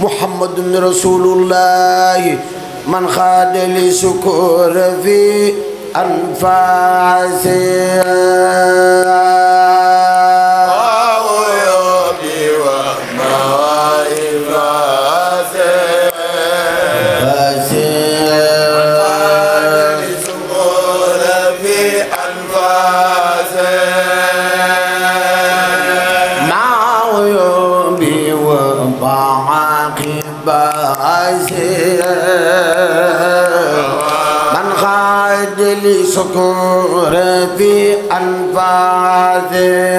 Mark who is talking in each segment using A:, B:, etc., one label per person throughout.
A: محمد رسول الله من خاد لشكور في أنفاسه عزيز من خاد لي سكور في أنفاذه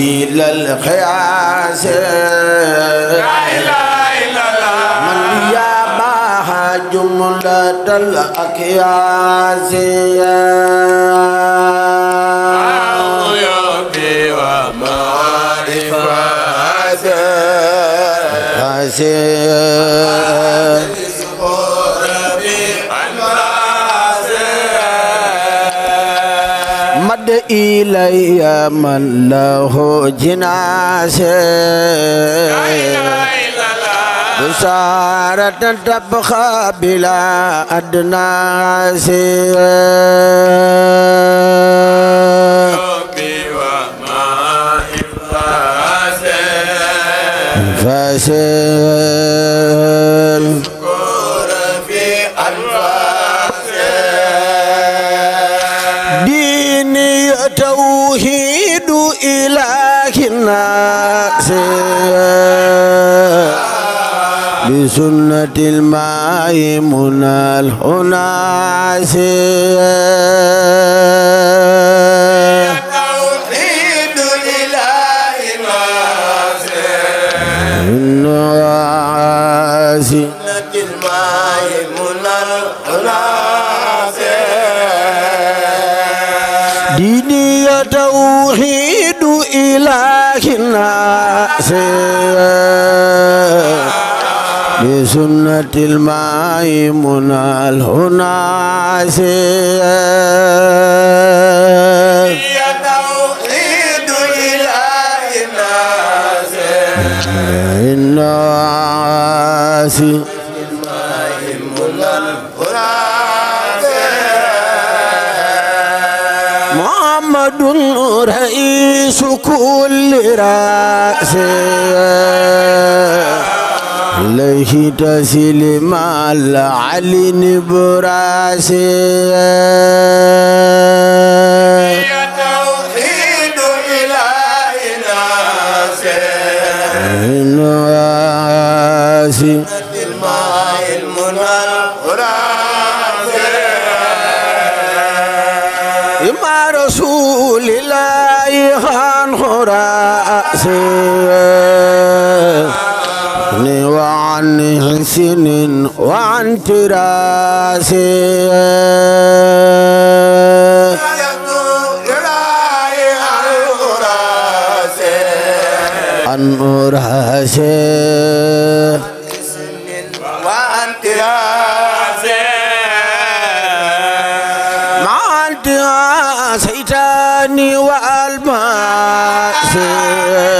A: إلى الخياس لا إله إلا الله من يا باها جملة الأكياس ومعارف حسين عاد إلي من له جناسي بسارة تبخى بلا أدنى سير فاسر مسيرا بسنة المائمون الهنا عسيرا توحيد الإله مسيرا إنه عسيرا توحيد إلهنا سوى بسنة المائمون الهناسي إنا عاسي أحمد رئيس كل رأس إليه تسلم العلي نبراس يا توحيد إله ناس محسن وعن تراسه عن راسه وعن تراسه مع انتها سيتاني والماسه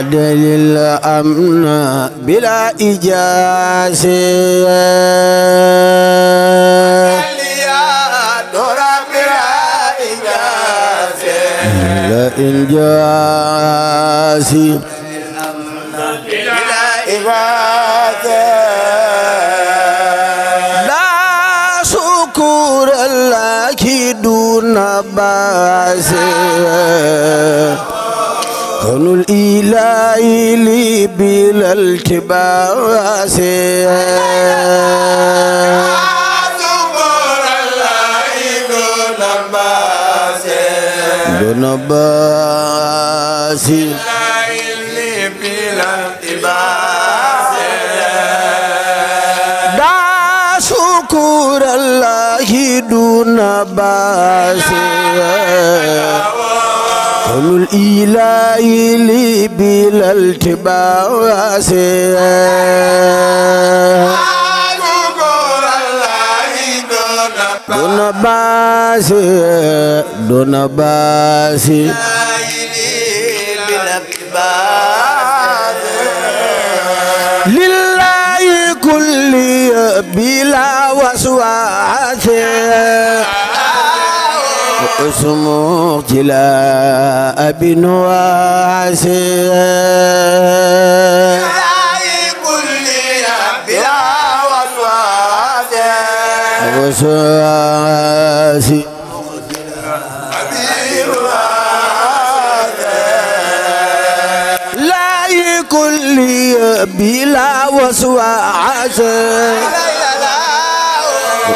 A: عدل الأمن بلا إجازة لئن جاسي بلا إبادة لا شكور لك دون باسي كن الإله لي بلا التباس دون باس دا شكر الله دون باس كل الإله لي بلا التباس دون باس دون باس لله كل بلا وسواس اسمه جلاء بن واسع وسواسي لا يكل بلا وسواس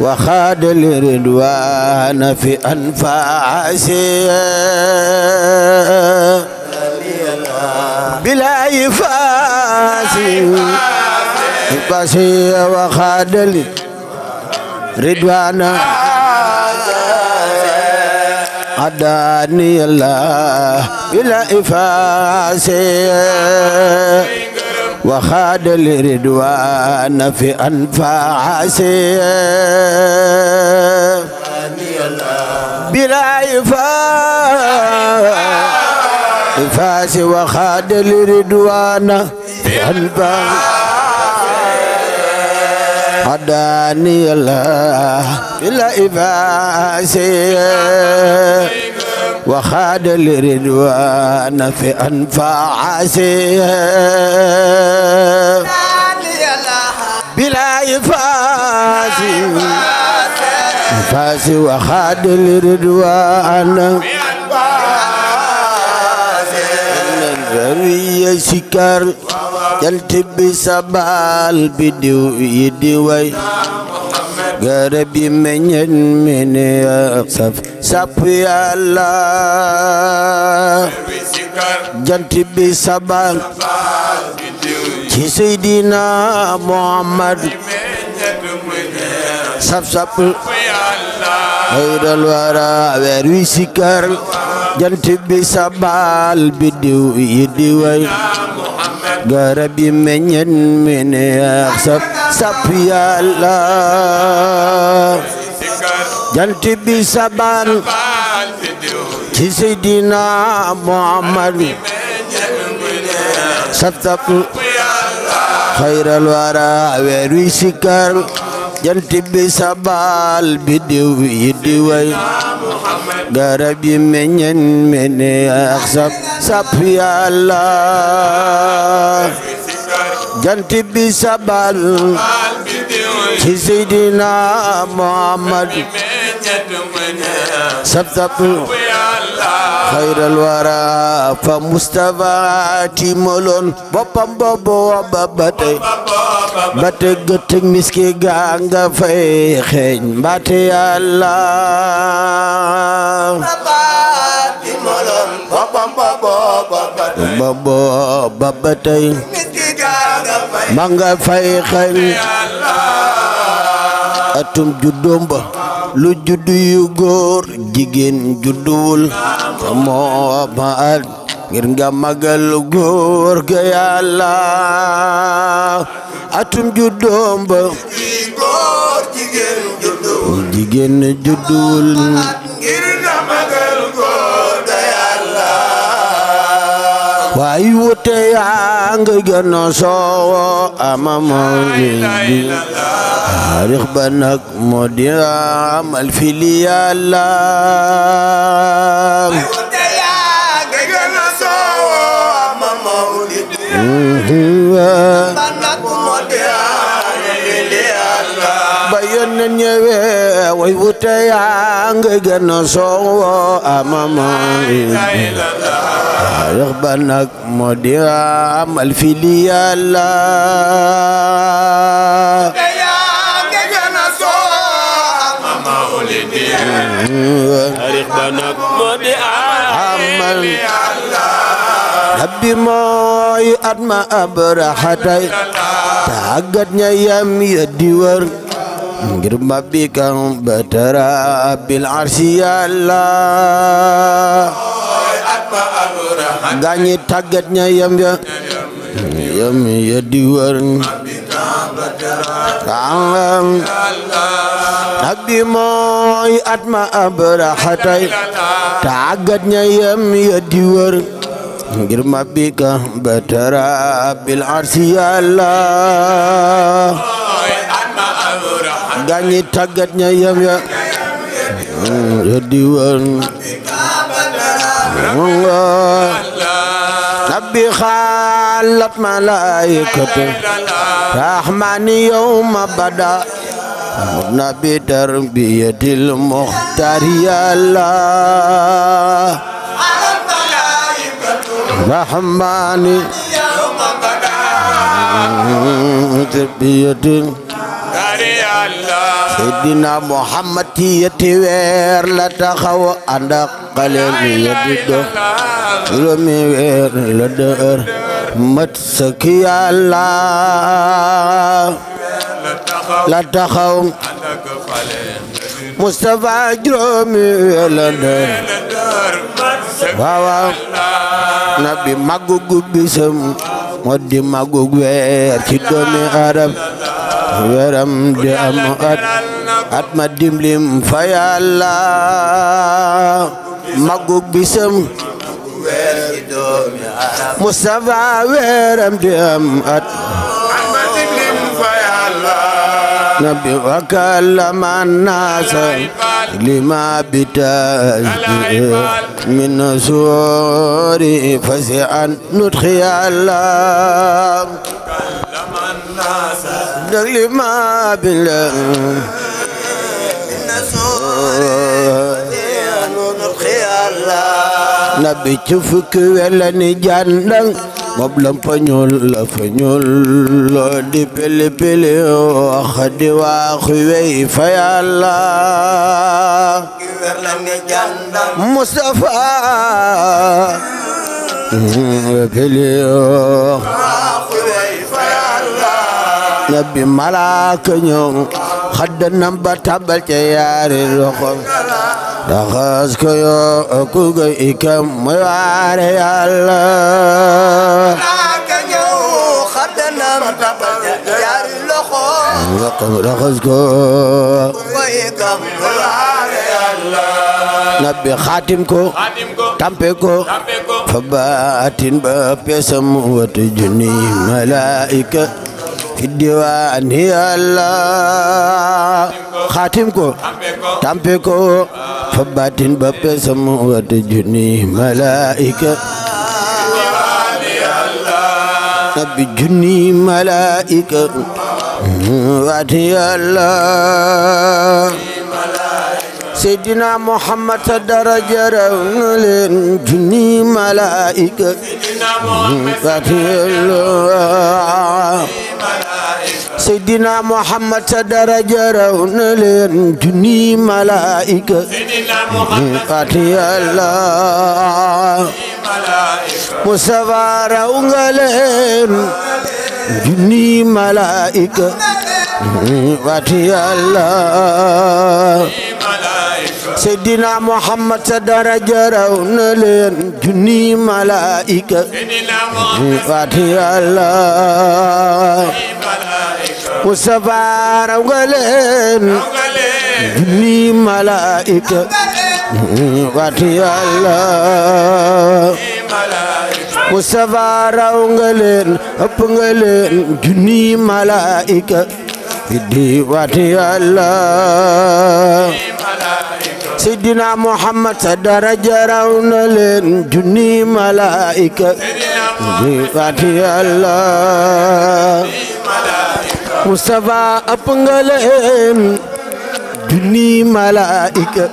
A: وخاد الردوان في أنفاسي بلا يفاسي يفاسي وخاد الردوان أداني الله بلا إفاسي وخاد لردوان في أنفاسي بلا إفاس وخاد لردوان في أنفاسي هداني الله إلى إفاسي وخاد لردوان في أنفاسه بلا إفاسي إفاسي وخاد لردوان في أنفاسه سكر يلتبي سبال بدو يدي وي garab meññet mi ne yaa saf bi sabal ci Seydina Muhammad sap sap xayral wara weer wi sikar jant bi sabal biddiw yi di garab yi meññet mi neex saf saf yàlla jant bi sabal ci Seydina Muhammad saf saf xayral wara weer wi sikar jant bi sabal bi diw yi di way garab yi meññen mene ak sap sap yàlla jant sabal ci seydina muhammad sap sap xayral wara fa mustafa molon boppam boobu wa ba ba tëgg miski gaa nga fay xeeñ mbaate yàlla bobo baba tey ma nga fay xeeñ atum juddoom ba lu judd yu góor jigéen judduwul moo ma at ngir nga magal góor ga yàlla atum juddoom ba jigéen judduwul ngir nga magal góor ga yàlla waaye wute yaa nga gën a soowo amamoon bi taarix ba nag moo di amal fi li yàlla na ñëwé way wuté yaa nga gën a soowo amama yox ba nag moo di amal fi li yàlla amal rabbi mooy tàggat ma abraxatay tàggat ña yam ya di wër ngir mabbi kan batara bil arsi yàlla gaañi tàggat ña yam ya yam ya di wër ak bi mooy at ma abraxatay tàggat ña yam ya di wër ngir ma bika batara bil arsi yàlla gaañi tàggat ña yem ya ya diwan rabbi xaalat malaikatu rahmani yawma bada nabi tarbiyatil muxtaar yàlla رحماني يوم قدا بيد سيدنا محمد يتوير لا تخو عندك قلب يدد رمي وير لدر متسك يا الله لا تخو عندك قلب Moustapha juróomi la dër waaw nabi màggug bisam moo di màggug weer ci doomi arab weeram di am at at ma dimlim fa yàlla màggug bisam Moustapha weeram di am at نبي وكلم الناس لما بتأثير من سوري فزعا ندخي الله كلم الناس لما بالله من سوري ندخي الله نبي تفك ولن جنن moom lampa ñuul la fa ñuul di pili pili wax di waaxu wey fa yàlla Mustafa pili wax nabi malaaka ñëw xadda nam ba tabal ca yaari loxo daxas ko yoo ku ga ikam mooy waare yàlla وقبل خزكو نبي خاتمكو تمبكو فباتن ببسم وتجني ملائكة في الديوان هي الله خاتمكو تمبكو فباتن ببسم وتجني ملائكة نبي جني ملائكة وادي الله سيدنا محمد درجة رملين جني ملائكة وادي الله سيدنا محمد درجة رملين جني ملائكة وادي الله مصطفى رونغلين junni malaika wati Allah Seydina Muhammad sa daraja raw na leen junni malaika wati Allah Mustafa raw nga leen junni malaika wati Allah Mustafa raw nga leen ëpp nga leen junni malaayika di waati yàlla Seydina Muhammad sa daraja raw na leen junni malaayika di waati yàlla Mustafa ëpp nga leen junni malaayika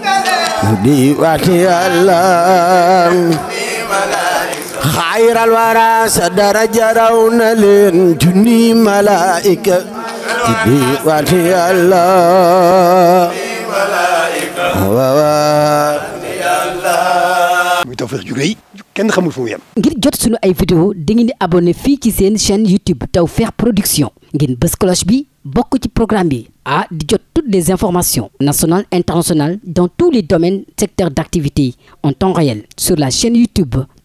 A: xayral wara sa daraja raw na leen junni malaayika ci diwaan fi Allah muy Tawfekh ju rëy kenn xamul fu mu yem ngir jot sunu ay vidéo dangeen di abonné fii ci seen chaîne YouTube Tawfekh Production ngeen bës cloche bi bokk ci programme bi ah di jot toutes les informations nationales internationales dans tous les domaines secteurs d'activité en temps réel sur la chaîne YouTube